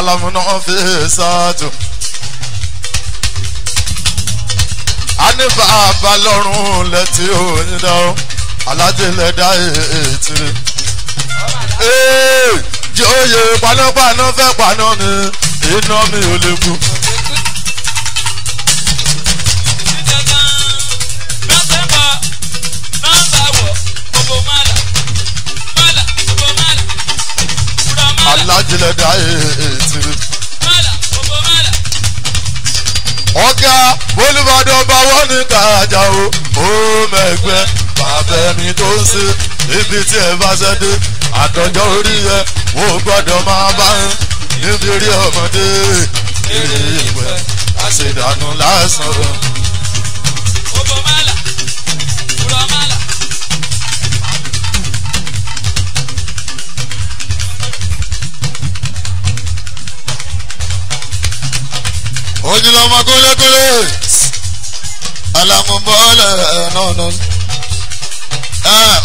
alọ́múnáfíìsàtù. a ní bàbá lọ́rùn lẹ́tí òyìn dáwọ́ alájẹlẹ́dá ètí. jí oyè panápaná fẹ́ paná mi iná mi ò lè kú. alájẹlẹ́dá ètí. E ọ̀gá olùbàdàn bá wọ́n ní kájà o ó mẹ́gbẹ́ bàbẹ́mi tó ń ṣe níbi tí ẹ bá ṣẹ́ dé àtọ́jọ́ orí ẹ wo gbọ́dọ̀ máa bá ń níbi rí ọmọdé ìgbẹ́ àṣedànù lásán. ọmọ kúlékúlé alamubọ́lẹ̀ náà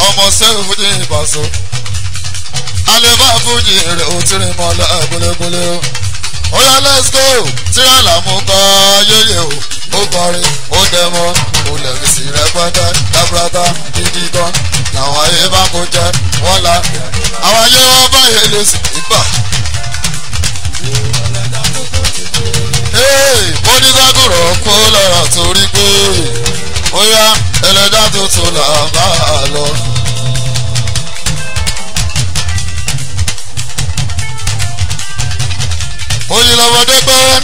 ọmọ sẹ́yìn fújì ìbàṣọ alẹ́bá fújì rẹ̀ ó ti rìn mọ́lẹ̀ o ó let's go tí alamukọ yéye o ó kọrin ó dẹmọ ó lẹ́rìí sí rẹpẹtẹ dábúrátà dídí tán làwọn ayé bá kó jẹ wọ́n la àwọn ayé wọn bá yẹ lè sí ìgbà. mo ní kágùrọ̀ kó lọ́ra torí pé ó yá ẹlẹ́dá tuntun là bá a lọ. oyin lọmọdé pẹ́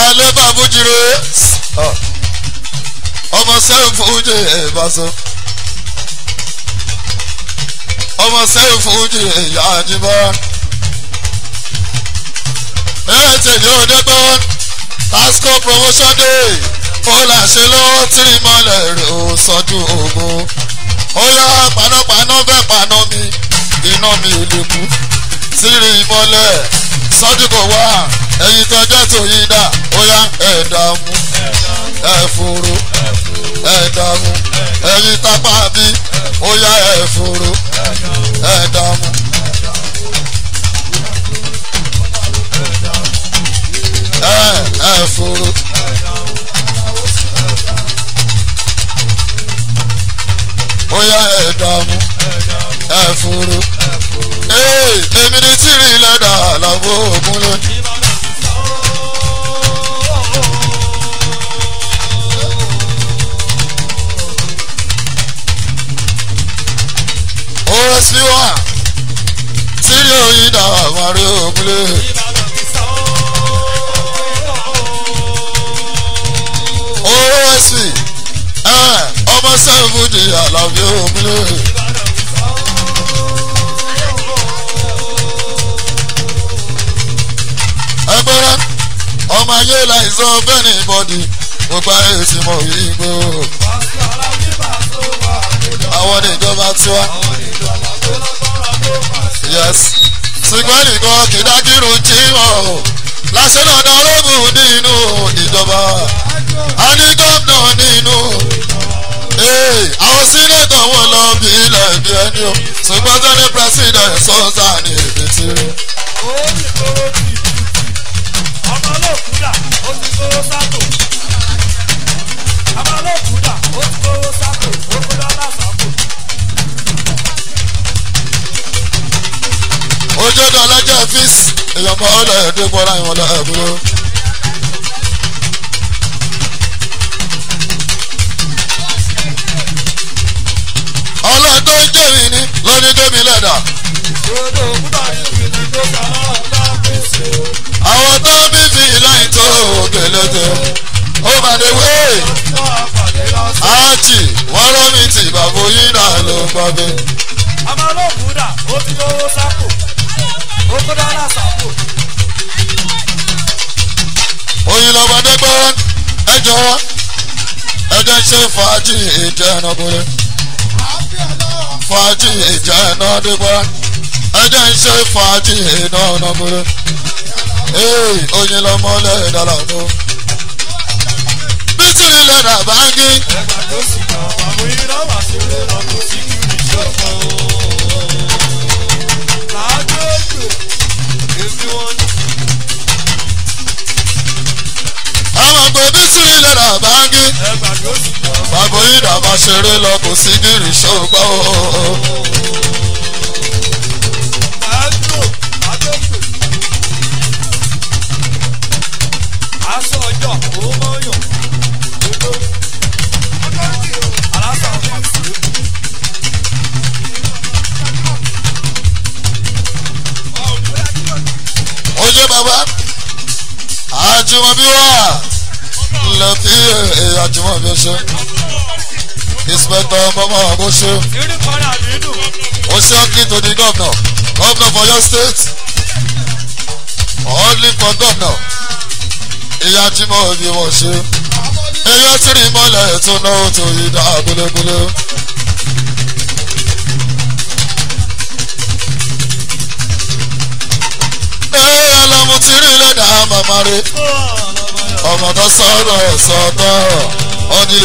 alẹ́ bàbújire ọmọ sẹ́yìn fúnjẹ ẹ̀ sọ ọmọ sẹ́yìn fúnjẹ ìyá àjíbá ẹ̀ tẹ̀lé ọdẹ́gbọ́n. ASCO promotion day fọlá ṣe lọ́wọ́ tí ìmọ̀lẹ̀ rò sọ́dún ogun ó panápaná fẹ́ paná mi iná mi lè kú sírí ìmọ̀lẹ̀ sọ́dún kò wá ẹ̀yin tọ́jọ́ tó yí dà ó yá ẹ̀dààmú ẹ̀fúru ẹ̀dààmú ẹ̀yin tápá bí ó yá ẹ̀dààmú. fún. bóyá ẹ dààmú ẹ fúru. èmi ni tìrì lẹ́dà àlàbò ògùn lónìí. òwe sí wa tìrì òyìn dàwà wàrí ògùn lónìí. osc ah, ọmọ sẹ́ẹ̀fù di àlàbí òmìnir. ẹgbẹ́rẹ́ ọmọ ayé láìsọ bẹ́ẹ̀ ni ìbọ̀dì mo gba èsì mọ̀ yìí gbó. àwọn ni ìjọba tiwa. yes ṣùgbọ́n nìkan kìdákìrún tí wọ́n láṣẹ náà darógùn nínú ìjọba a ní gómìnà nínú àwọn sínétọ̀ wọn lọ bí ilẹ̀ bí ẹni o ṣùgbọ́n tó ní pírẹsidẹ̀ sọ́ńtà ní èkìtì. ọmọ olókùúdà ó ti ojú ọ̀dọ̀ ọlọ́jọ́ fíìsì èèyàn mọ́ ọ́ lọ́ọ́ ẹ̀ẹ́dẹ́gbọ́ra ìwọ̀n lọ́ọ́ ẹ̀ẹ́dúró. ọba tó ń jẹ́ mi ni lọ́ní tó mi lẹ́dà. ìṣòro òkúta ìlú ti tó kàrá ọ̀tá mi sí. àwọn tó ń bí fi láì tó òkèlété ó bàdé wé àti wọn ló mi tì bàbá yín náà ló ń gbọ́ bẹ́ẹ̀. amálòkù dà ó ti lówó sápò ó kó dáná sápò. oyin lọ́mọdé gbọ́ ẹ jọ ẹ jẹ́ ṣe fàájì ìjẹ́ ẹnàkúnlẹ̀ fàájì ìjà iná dúpẹ́ ẹjẹ́ ń ṣe fàájì iná ọ̀nà múlẹ̀ ee oyin lọmọ lẹ́yìn dára lọ. bítìrì lẹ́dà bá ń gé. ẹ̀ka tó sì kàn wá mú iná wá sí ilé lọ àgbẹ̀ bísí ilẹ̀ rà báńgí. Bàbá ìdá máa ṣeré lọ kò sí gírì ṣògbọ́n o. Ojú bàbá, àjùmọ̀ bí wà lẹ́tí àjùmọ̀ mi ṣe inspector mama abose oseaki to the governor governor for your state only for governor ìyá tí mo rí wọn ṣe eré tí rí mọ́lẹ̀ tó náwó tó yí dá abúlégbélé. ẹ ọlọ́mù tí rí lẹ́dàá màmá rẹ̀ ọmọ tó sọ̀rọ̀ ẹ̀ sọ̀tọ̀ ọdí.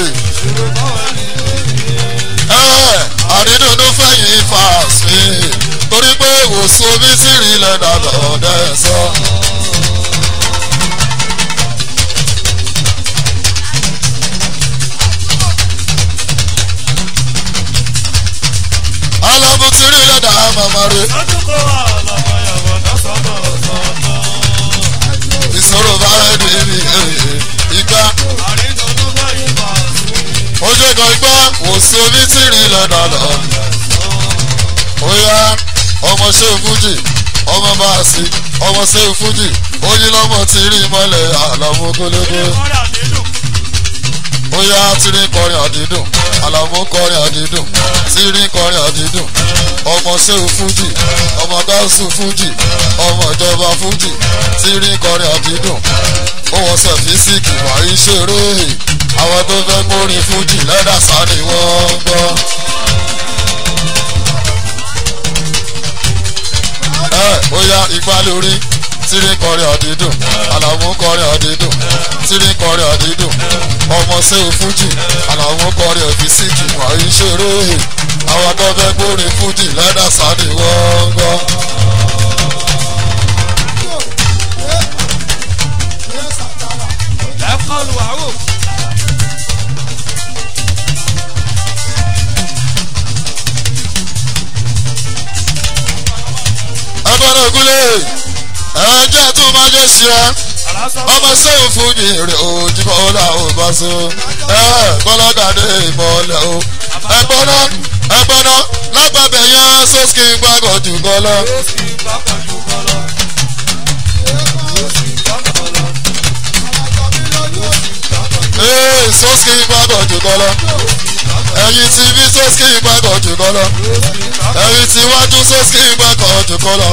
àdídùnú fẹ̀yìn fàásì torí pé wòsàn omi sì rí lẹ́nà lọ́dẹ̀ sọ. alábùtí rí lẹ́nà àmàmà rẹ̀. mi igbá. ó ṣe kan igbá kò sí onítìrì lọ́dọ̀ lọ. ó yá ọmọ ṣé fújì ọmọ bá a sí ọmọ ṣé fújì ó yí lọ́mọ tí rí mọ́lẹ̀ àlàmú kólógó. ó yá kọrin àdídùn àlàmú kọrin àdídùn tírí kọrin àdídùn ọmọ ṣéun fújì ọmọ dáńsù fújì ọmọ ìjọba fújì tí rí kọrin àdídùn ó wọ sẹfísìkì wàrí ṣeré àwọn tó fẹ́ kórin fújì lẹ́dà sáré wọ́n gbọ́. ẹ ó yá ipá lórí tírí kọrin ọ̀dídùn àlàmú kọrin ọ̀dídùn tírí kọrin ọ̀dídùn ọmọ sẹ́wọ̀n fújì àlàmú kọrin òfìsíjì wọ́n ìṣeré àwọn akọ́fẹ́ gbórin fújì lẹ́dà sáré wọ́n gbọ́. ẹgbẹ́ náà gúnlẹ̀ ẹjọ́ tó máa dé sí ẹ ọmọ sẹ́yìn fún ní èrè òjìbọ̀ òbá so ẹ gbọ́dọ̀gàdé ìmọ̀ọ́lẹ̀ o ẹgbọ́nà ẹgbọ́nà lápapẹ̀ yẹn sọ́sìkì gbàgbọ́ jù gọ́lọ́. sọ́sìkì gbàgbọ́ jù gọ́lọ́ ẹ̀yin tí bí sósì ìgbàgbọ́ jù kọ́ lọ ẹ̀yin tí wájú sósì ìgbàgbọ́ jù kọ́ lọ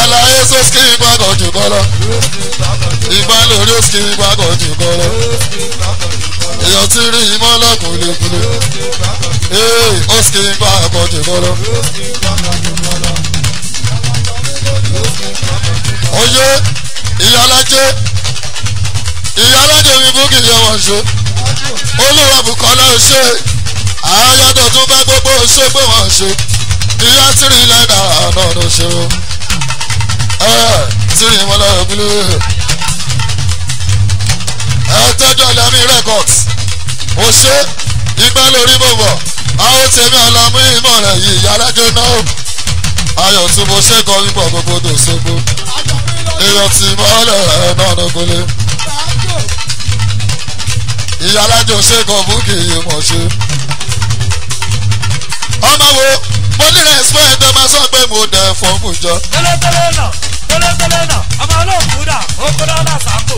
àlàyé sósì ìgbàgbọ́ jù kọ́ lọ ìbálòrí sósì ìgbàgbọ́ jù kọ́ lọ èèyàn ti rí imọ́ lọ́kùnlékùnlé ee ó sì ń bá àkọ́jù kọ́lọ́. oyè ìyálájẹ ìyálájẹ mi bú kìí yẹ wọn ṣe olúwa bùkọ́ lọ ṣe àwọn tuntun bá gbogbo ṣe pé wọ́n ṣe ìyá tìrì lẹ́dà náà ló ṣe o ẹ tìrì wọn lọ bílú ẹ tẹ́jọ́ lẹ́mí rẹ́kọ̀tì o ṣe ìgbà lórí bòbọ̀ àwọn tèmi ọlọmú ìmọ̀ rẹ̀ yìí yàrá jóná o ayọ̀ tí mo ṣe kọ́ wípọ̀ gbogbo dòṣogbo èèyàn tì mọ́ ọ́lẹ̀ ẹ̀ náà ló gbélé ìyá alájọ ṣẹ́gun búkì yìí mọ̀ ṣe. ọmọ wo mo ní respect máa sọ pé mo dẹ̀ fọ́ọ̀mù jọ. tẹ́lẹ̀tẹ́lẹ̀ náà tẹ́lẹ̀tẹ́lẹ̀ náà ọmọ olóògùn náà ó kó dáná sàkó.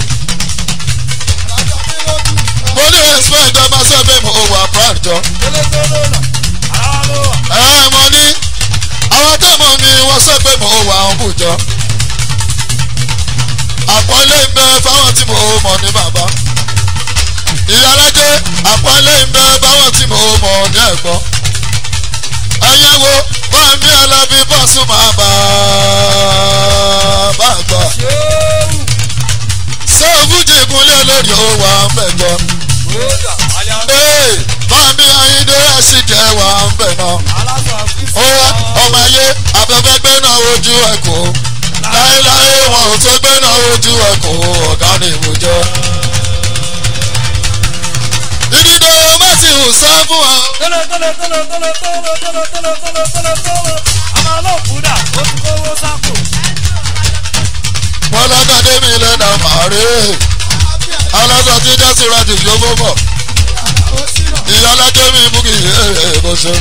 mo ní respect ẹ máa sọ pé mo wà proud jọ. tẹ́lẹ̀tẹ́lẹ̀ náà àwọn ló wà. ẹ mọ ní àwọn táwọn ni wọ́n sọ pé mo wà ọ̀hún jọ. àpọ́nlé ń bẹ fáwọn tí mo mọ̀ ní bàbá ìyálájẹ àpọ́nlé ń bẹ báwọn tí mo mọ̀ ọ̀dẹ́ ẹ̀kọ́. ẹ̀yẹ wo Fẹ́mi Alábí Pasuma bá bá gbọ́. ṣé òfújì ìkúnlẹ̀ lórí òwà ń bẹ̀ gbọ́. Fẹ́mi Ayíndé ẹ̀sìn jẹ́ wà ń bẹ̀ náà. ó wá ọmọ ayé abẹ́fẹ́ gbẹ́ náà ojú ẹ̀kọ́ láéláé wọn ò tó gbẹ́ náà ojú ẹ̀kọ́ ọ̀gá ni mo tọrọ bá sì hù sọ fún ọ. tọ́lọ̀ tọ́lọ̀ tọ́lọ̀ tọ́lọ̀ tọ́lọ̀ tọ́lọ̀ tọ́lọ̀ tọ́lọ̀ tọ́lọ̀ tọ́lọ̀ ọmọ ọlọ́ọ̀kúdà ó ti kówó sápò. bọ́lọ́gàdé mi lẹ́nà màárẹ̀ alọ́sọ tí jásí rájò yóò fọ́ bọ̀ ìyálájẹ́ mi mú kì í èrè bó ṣe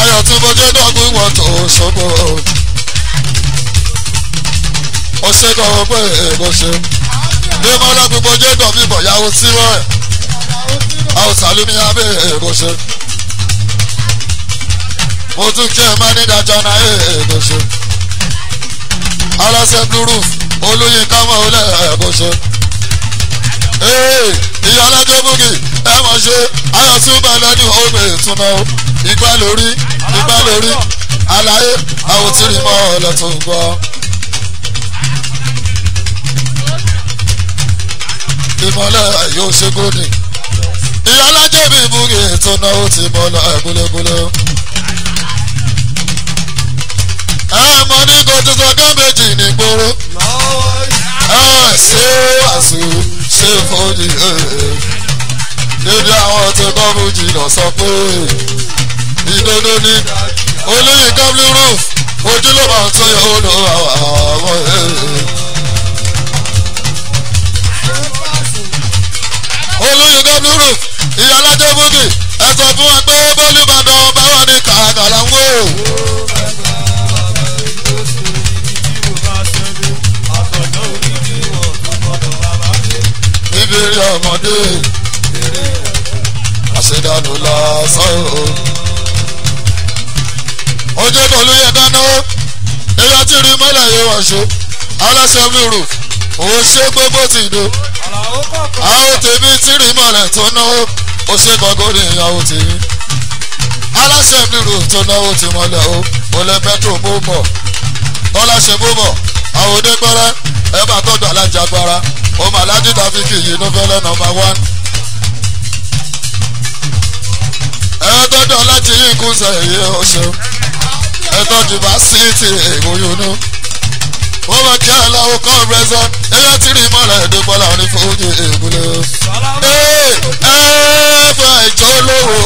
ayọ̀ tí mo jẹ́ dọ́gbìn wọn tó ṣọ́gbọ́ ọ̀ṣẹ́gun ọgbẹ́ èrè bó ṣe bí mo lọ́gbìn mo jẹ́ dọ̀bí bọ̀yàwó sí rẹ̀ hausa ló ní abẹ́ èkó ṣe mo tún kí ẹ má ní ìdájọ́ náà èkó ṣe aláṣẹ dúró olóyin kámọ́ olẹ́ èkó ṣe ìyá alájọ́ bókì ẹ mọ̀ ṣe ayọ̀túnba lọ́ní omi ìtúná ìgbà lórí ìgbà lórí àlàyé àwòtírìmọ́ ọ̀lẹ́tún gbọ́. ìmọ̀lẹ́ yóò ṣe gómìnà débi búrì ètò náà ó ti mọ lọ gúlégúlé. àmọ́ ní kò tó sọ gáméjì ní gbòòrò. ṣé àṣù ṣe fòdì débi àwọn tó kọ́ fújì lọ sọ pé ìdodo ni olóyè gámlì roof ojúlówó àti olówó àwọn ọmọ. olóyè gámlì roof ìyálàjẹ bókè ẹ sọ fún wa pé bọ́ọ̀lù bàbá ọba wà ní kàkà làwọn o. ìbéèrè ọmọdé àṣedànù lásán o. ojú bọ̀lú yẹn dáná ìyá tí rí mọ́lẹ̀ yẹn wà ṣe aláṣẹ mi rò òun ṣe gbogbo tìǹdó àwọn tèmi tí rí mọ́lẹ̀ tó náwó ó ṣe gbọ́ngàn ní ìyàwó ti yín aláṣẹ ìlú tó náwó ti mọ́lẹ̀ o mo petro bó bọ̀ ọláṣẹ bó bọ̀ àwọn onígbọ́rẹ́ ẹ bá tọ́jú alájàgbara o mà lájú tàfíkì yìí ló nọmba one. ẹ tọ́jú ọlájì yìí kú sẹ́yìn ó ṣeun ẹ tọ́jú bá sí ti èèwọ̀ yónú wọ́n máa jẹ́ aláwo kọ́ rẹ́sán ẹ̀yà tí rí mọ́ra ẹ̀dẹ́ bọ́lá ní fújì èbúlé. ẹ ẹ fún àìjọ olówó.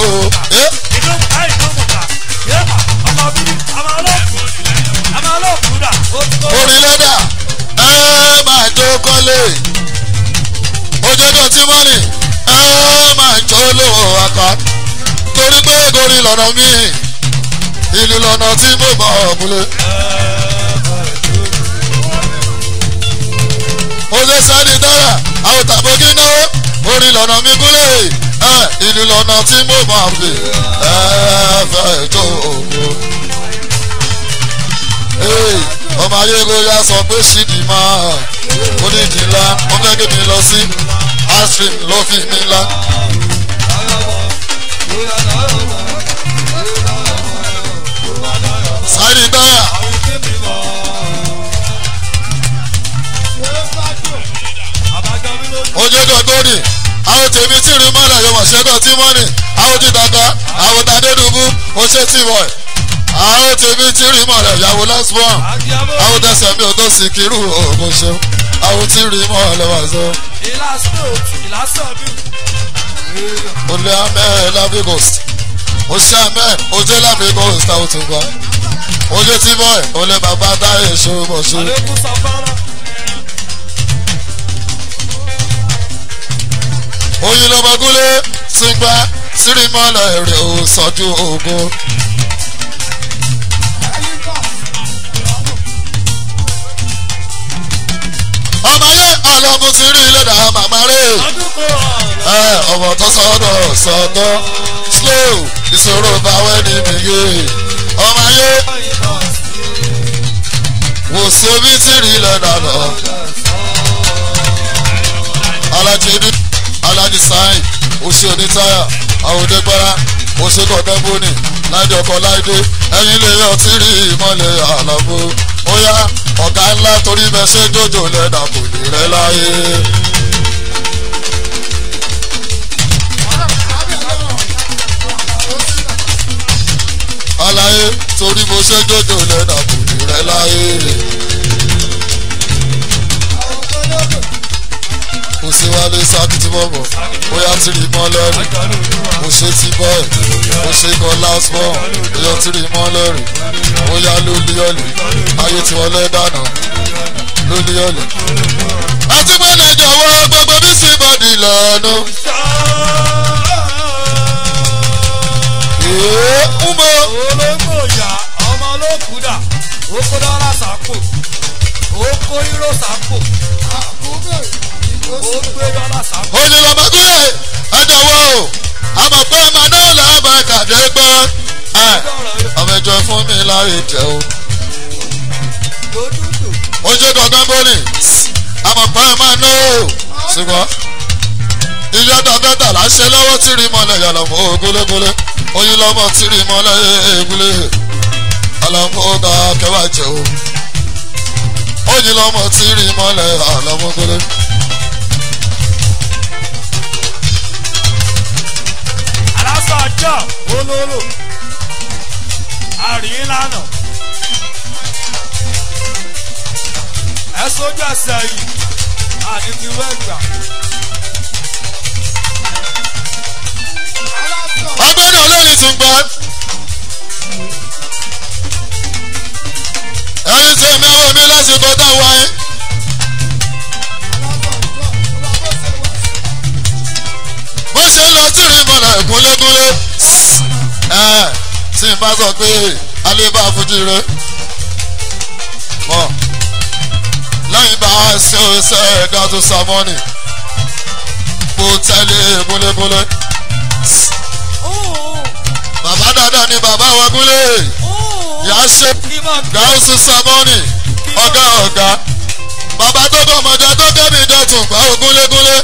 orí lẹ́dà ẹ máa jó kọ́lé ojoojú tí mọ́nì ẹ máa jó olówó àká torí pé gorí lọ́nà míì ìlú lọ́nà tí mo bọ̀ ọ́ búlé. sáré dára àwọn tàbókí náà orin lọ́nà mi gúnlẹ̀ ìlú lọ́nà tí mo máa fi ẹ̀ẹ́fẹ́ tó òkú. ọmọ ayé gbéra sọ pé sídì máa onídìíla ọmọ ẹgbẹ́ mi lọ sí ashrim ló fi mí la. sáré dára. jẹ́dọ̀ gbòòrì àwọn tèmi tí rí mọ́nà yóò mọ̀ ṣẹ́dọ̀ tí mọ́nì àwọn ti dàgbà àwọn tàdédùbù ó ṣe tì wọ̀ àwọn tèmi tí rí mọ́nà ìyàwó last born àwọn tẹsẹ̀ mi ò tó sì kírù òògùn ṣeun àwọn tí rí mọ́nà lọ́wọ́ ṣe. ìlàsọ̀ ìlàsọ̀ mi. olè amẹ́ lábígòs oṣù amẹ́ oṣù lábígòs táwọn tó gbà olè tí bọ́ọ̀ olè bàbá táyé oyin ló mọ gúnlé sígbà sírímọ́lá èrè ò sọ́jú ogun. ọmọ yẹn àlọ́mú ti rí ilé dàá màmá rẹ̀ ẹ ọmọ tó sọ́dọ̀ sọ́dọ̀ slow ìṣòro báwẹ́ ní nìyẹn ọmọ yẹn wò sóbi ti rí ilé dàá lọ. alájẹ́dú láti sáyìn òsì òní táyà àwọn òsì kọ̀ọ̀dẹ́gbóni láti ọkọ̀ láìdé ẹ̀yìn lè yọ tí rí ìmọ̀lẹ̀ àlàbò ó yá ọ̀gá ńlá torí bẹ́ẹ̀ jòjò lẹ́dà kò lè rẹ́ láyé. aláyé torí mo ṣe jòjò lẹ́dà kò lè rẹ́ láyé. sí wálé sáàkì tí mo bọ̀ bóyá tí rí mọ́ lẹ́rù mo ṣe ti bọ́ ẹ̀ mo ṣe kan last born bóyá tí rí mọ́ lẹ́rù bóyá ló lé ọ̀lẹ̀ ayé tí wọ́n lẹ́ dànù ló ọ̀lẹ̀. àti pé nàìjọ wọ gbogbo bí sí bọ́dì lọ́nu. èèyàn ń olóńgbò ìyá ọmọ ló dà ó kó dọ́là sápò ó kó yúrò sápò ó ní bàbá gbé ẹ̀dọ̀wọ́ o àmọ̀ pé ọmọ náà làbà kàdé gbọ́ ọmọ ìjọ fún mi láre jẹ́ o. ó ṣe dọ̀gbọ́n bóni àmọ̀ pé ọmọ náà o ṣùgbọ́n ìyá dọ̀gbẹ́ta là ń ṣe lọ́wọ́ tí rí mọ́lẹ̀ yàlọ́mọ́ ògúlégúlé oyin lọ́mọ tí rí mọ́lẹ̀ ègúlé àlọ́mọ́ ọ̀gá kẹwàá jẹ́ o oyin lọ́mọ tí rí mọ́lẹ̀ àlọ́mọ́ ògúlé. ọjọ́ olóró àríyìn lánà ẹ sójú ẹsẹ̀ yìí àti tiwọ́ ẹgbà. ọgbọ́n náà lórí tún gbọ́. ẹ ń ṣe mi àwọn mi lásìkò tá a tí ń lọ tí rìn bọ̀lẹ̀ gúnlégúnlé ẹ̀ tí n bá sọ pé alẹ́ bá fojú rẹ mọ̀ lẹ́yìn bá ṣe ṣe ẹ̀dá sàmọ́nì mo tẹ́lẹ̀ gúnlégúnlé. bàbá dáadáa ni bàbá wa gúnlé yà á ṣe gáúsù sàmọ́nì ọ̀gá ọ̀gá bàbá tó bọ̀ mọ̀jà tó kẹ́mi dọ̀tún bá ògúnlégúnlé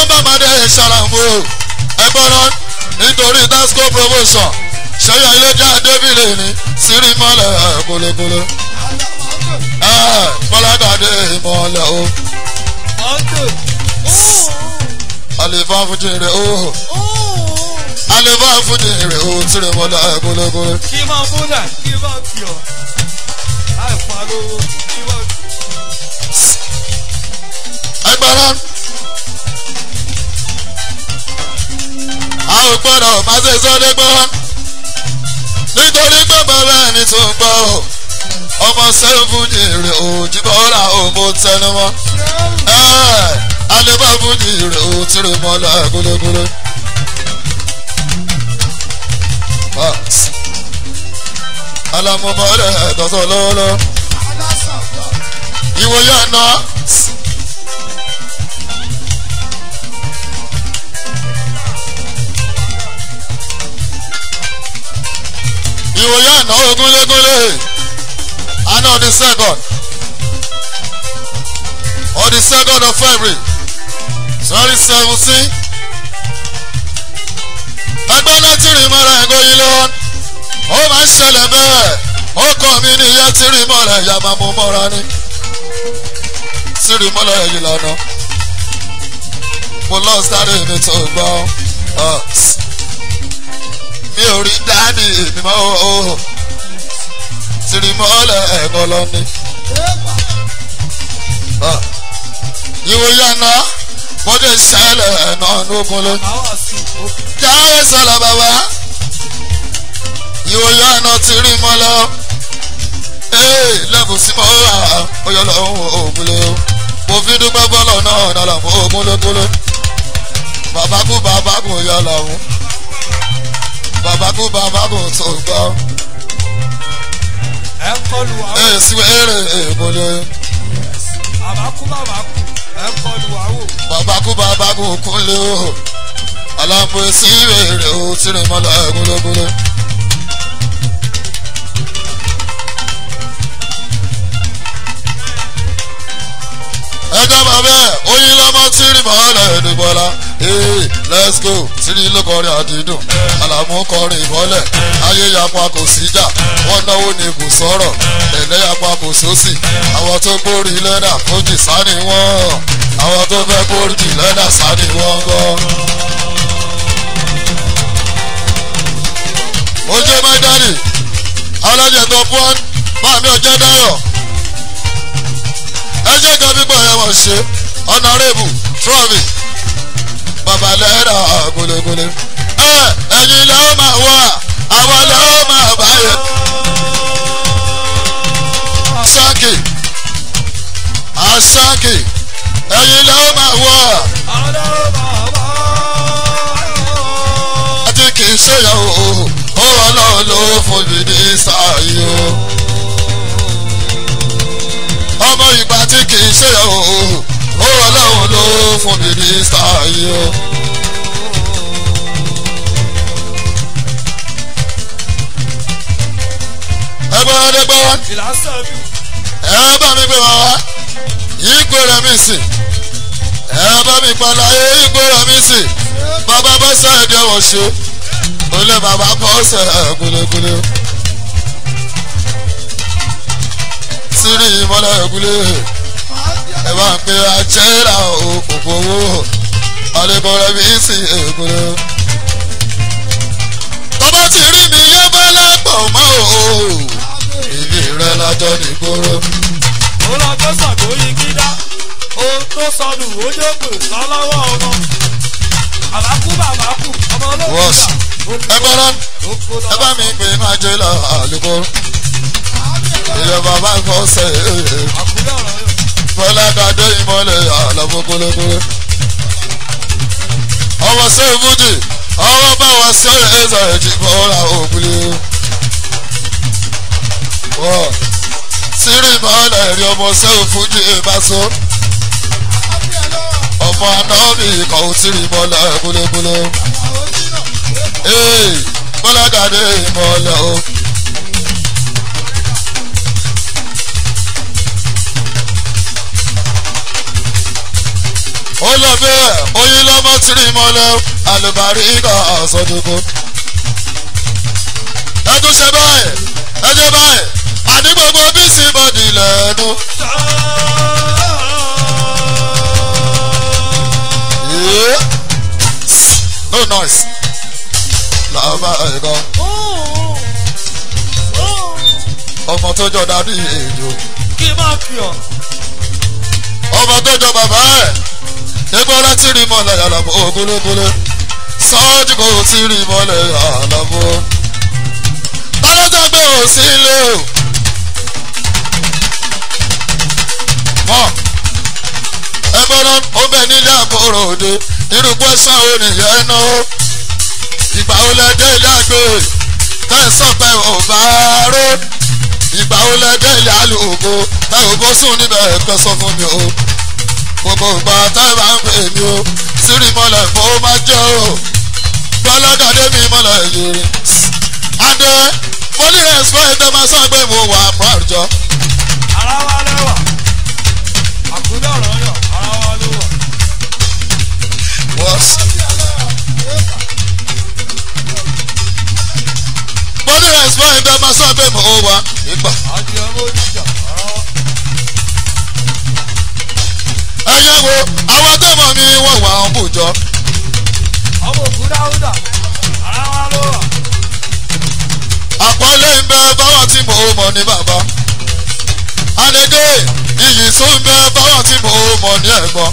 ọba màdé ẹ̀ ṣàràmù o ẹ gbọ́dọ̀ nítorí tasco promotion ṣẹ́yà ilé jẹ́ adébílẹ̀ ní sírí mọ́lẹ̀ kólókóló fọlákàdé ìmọ̀lẹ̀ o. àlefà fújì o. àlefà fújì rẹ̀ o sírí mọ́lẹ̀ kólókóló. kí n máa búlà kí n máa fi ọ́ àìpá lówó kí n máa fi. ẹgbẹ́ rẹ̀ a ò gbọ́dọ̀ má ṣe sọ́dẹ́ gbọ́ nítorí pé bàbá ẹni tó ń gbọ́ ọ ọmọ sẹ́fún jèrè òjì bọ́lá òmò tẹnumọ́ adébáfún jèrè òtírè mọ́lá gúlégúlé. alamọmọlẹ ẹdọsọ lọlọ ìwòye àná. ìwòye àná ogúnlégúnlé àná on the second on the second of february Sorry, seventeen ẹgbẹ́ náà ti rìn mọ́ra ẹ̀gọ́ yìí lọ́wọ́ ó máa ń ṣẹlẹ̀ bẹ́ẹ̀ ọkọ mi ni ti rìn mọ́ra ẹ̀yà máa mú mọ́ra ni ti rìn mọ́ra ẹ̀yìn lọ́nà mo lọ sáré mi tó gbọ́. Ah, mi ò rí dání mi mọ́ o sirimọ́lẹ̀ ẹ̀kọ́ lọ ni. Ah. ìwòye àná bọ́dé sẹ́lẹ̀ náà lókun lónìí. jáwé sọ̀rọ̀ bàbá ìwòye àná ti rí lẹ́bùn sí mọ́ ọ̀yọ́ lọ́hùn òògùn lóhùn mo fi dúpẹ́ bọ́lọ̀ náà dàlà fún òògùn lókun bàbá kú bàbá kú yọ lọ́hùn bàbá kú bàbá kò tó gbọ́. ẹ ń kọlu àwọn. ẹ sì wẹ́rẹ̀ èbólé. bàbá kú bàbá kú ẹ ń kọlu àwọn. bàbá kú bàbá o aláàbò sí rèrè o tìrìn mọ́lá gúlógúló. ẹ dábàá bẹ́ẹ̀ oyin lọ́mọ tìrìn mọ́lá ẹ̀dùnbọ́lá. ee let's go sírí ló kọrin adidun alamu kọrin ìbọ́lẹ̀ ayé yapa si síjà wọ́n nawo ni kò sọ̀rọ̀ ẹ̀lẹ́ yapa kò sósì àwọn tó gbórí lẹ́dà fojì sáni wọ́n àwọn tó fẹ́ gbórí lẹ́dà sáni wọ́n gan. ó my daddy alájẹ tó fún ọ́n mi ò ẹ máa lẹ́rà kúlẹ̀kúlẹ̀. ẹ ẹ̀yin lọ́ọ́ máa wà àwọn lọ́ọ́ máa bá yẹ. sáàkì àsáàkì ẹ̀yin lọ́ọ́ máa wà. àti kì í ṣèyàwó ó wà náà ló fún ní sáàyè o. ọmọ ìgbà tí kì í ṣèyàwó ó wà náà ló fún ní sáàyè o. wọn. mi gbé wọn wá ìgbò rẹ mi sìn ẹ bá mi padà ìgbò rẹ mi sìn bàbá bọ́sẹ̀ ẹ̀dẹ̀ wọ̀ ṣe olè bàbá bọ́sẹ̀ ẹ̀kúlẹ̀kúlẹ̀ sírí ìmọ̀lẹ̀ ẹ̀kúlẹ̀ ẹ bá ń pe àjẹ́rà òkòkò owó ọ̀lẹ́bọ̀ rẹ mi sìn ẹ̀kúlẹ̀. tó ti rí mi yé bọ́lá pọ̀ mọ́ o rẹ lájọ́ nígboro. mo lọ tó sàgó igi dá o tó sọnù ojókòó sọ lọ́wọ́ ọmọ àbákú bàbákú ọmọ olóògbé ẹ bọ́lá ẹ bá mi pè má jẹ́ lọ àlùkòrò ìjọba bá kọ́ sẹ́ fọlá dàdé ìmọ̀lẹ̀ àlọ́fọ́ kólókóló ọwọ́ sẹ́yìn fújì ọwọ́ bá wà sẹ́yìn ẹ̀sà ẹ̀jì bọ́lá òkúlé bọ̀ sírí ìmọ̀ọ́lẹ̀ rí ọmọ sẹ́wọ̀n fújì ìbáṣọ ọmọ anáwọ̀mí ikọ̀ òtírí ìmọ̀ọ́lẹ̀ gbólógbóló ee bọ́lá dàdé ìmọ̀ọ́lẹ̀ o. ó lọ bẹ́ẹ̀ oyin lọ́mọ tírí ìmọ̀ọ́lẹ̀ alùbárí ikọ̀ ọ̀sọ́dúnkún ẹ tún ṣe bẹ́ẹ̀ ẹjọ́ báyìí àní gbogbo bísí bọ́dì lẹ́nu. Eh? no noise. làbá ẹ̀kọ́. ọmọ tó jọ dàbí èjò. kí má kí ọ. ọmọ tó jọ bàbá ẹ̀ nígbà láti rí mọ́lẹ̀ àlàbò ògúlógúlé sọ́ọ́jì kò sí rí mọ́lẹ̀ àlàbò bẹ̀ ò sí ilé o. mọ̀ ẹ bọ́dọ̀ ó bẹ ní dàgbòrò òde nínú pẹ́sàn ò nìyẹn náà ìgbà wo lẹ dé ilé àgbè tẹ̀sán pẹ̀ ò bá ró ìgbà wo lẹ dé ilé àlùkò ẹ ò bó sùn níbẹ̀ ẹ pẹ́ sọ fún mi o gbogbo ìgbà tẹ́ bá ń pè mí o sírí mọ́lẹ̀ kó má jẹ́ o gbọ́lọ́dọ̀ débi mọ́lẹ̀ yìí adé mo ní respect tó máa sọ pé mo wà proud jọ. ara wa lẹ́wà àkúdà ọ̀rọ̀ yọ ara wa ló wà. wọ́n sì. mo ní respect tó máa sọ pé mo wà ìgbà. àdìyẹ mo jíjà ara wa. ẹ yẹ wo àwọn tó mọ̀ mi wọ̀ wà ọ̀bùjọ. ọmọ òkúta ọ̀dà ara wa ló àpọ́nlé ń bẹ bọ́rọ̀ tí mo mọ̀ ní bàbá àlejò iyì tún ń bẹ bọ́rọ̀ tí mo mọ̀ ní ẹ̀gbọ́n.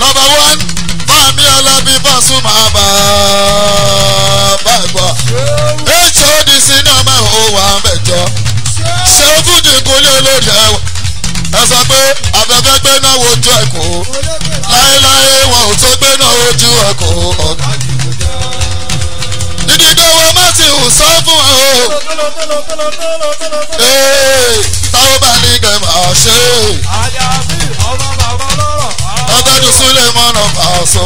nọmba one fáàmì ọlọ́bí Pasuma bàbá ẹ̀gbọ́n hod sinama ò wà mẹ́jọ ṣé fújì kúnlé olórí ẹ̀wọ̀n ẹ sọ pé afẹ́fẹ́ gbẹ́ná wojú ẹ̀kọ́ láéláé wọn ò tó gbẹ́ná ojú ẹ̀kọ́ dídídó wa má sì hù sọ fún wa o. táwọn bá ní kẹ́ máa ṣe. ọ̀gájú súnlẹ̀ mọ́nà máa sọ.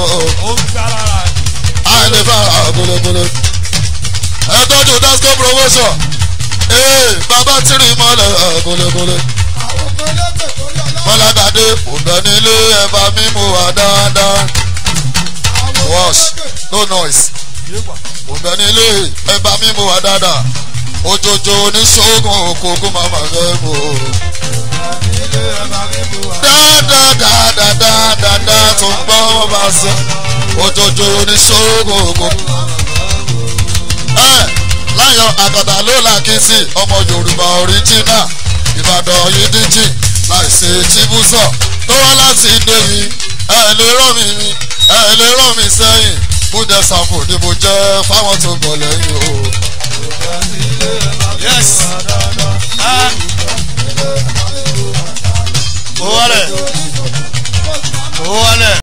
àìlè fara gbólógbóló. ẹ̀tọ́jú dasco promotion. bàbá tìrì mọ́lẹ̀ gbólógbóló. bọ́lá dàdé kò bẹ nílé ẹ̀fà mímú wa dáadáa. wash no noise mo bẹ nílé ẹ bá mi mo wà dáadáa òjòjò oníṣòògùn òkòkò màmá fẹ́ mo. dáadáadáadáa tó ń gbọ́ wọn bá sọ òjòjò oníṣòògùn òkòkò. láyọ̀ àgàdà ló là kí sí ọmọ Yorùbá oríjìnà Ìbàdàn yìí díjì láìsí tìbúsọ̀ tó wá láti dé yìí ẹ̀ lè rọ́ mi ẹ̀ lè rọ́ mi sẹ́yìn búdẹ sàpò ni mo jẹ́ fáwọn tó bọ̀ lẹ́yìn o. yes ah. owó rẹ̀ owó rẹ̀.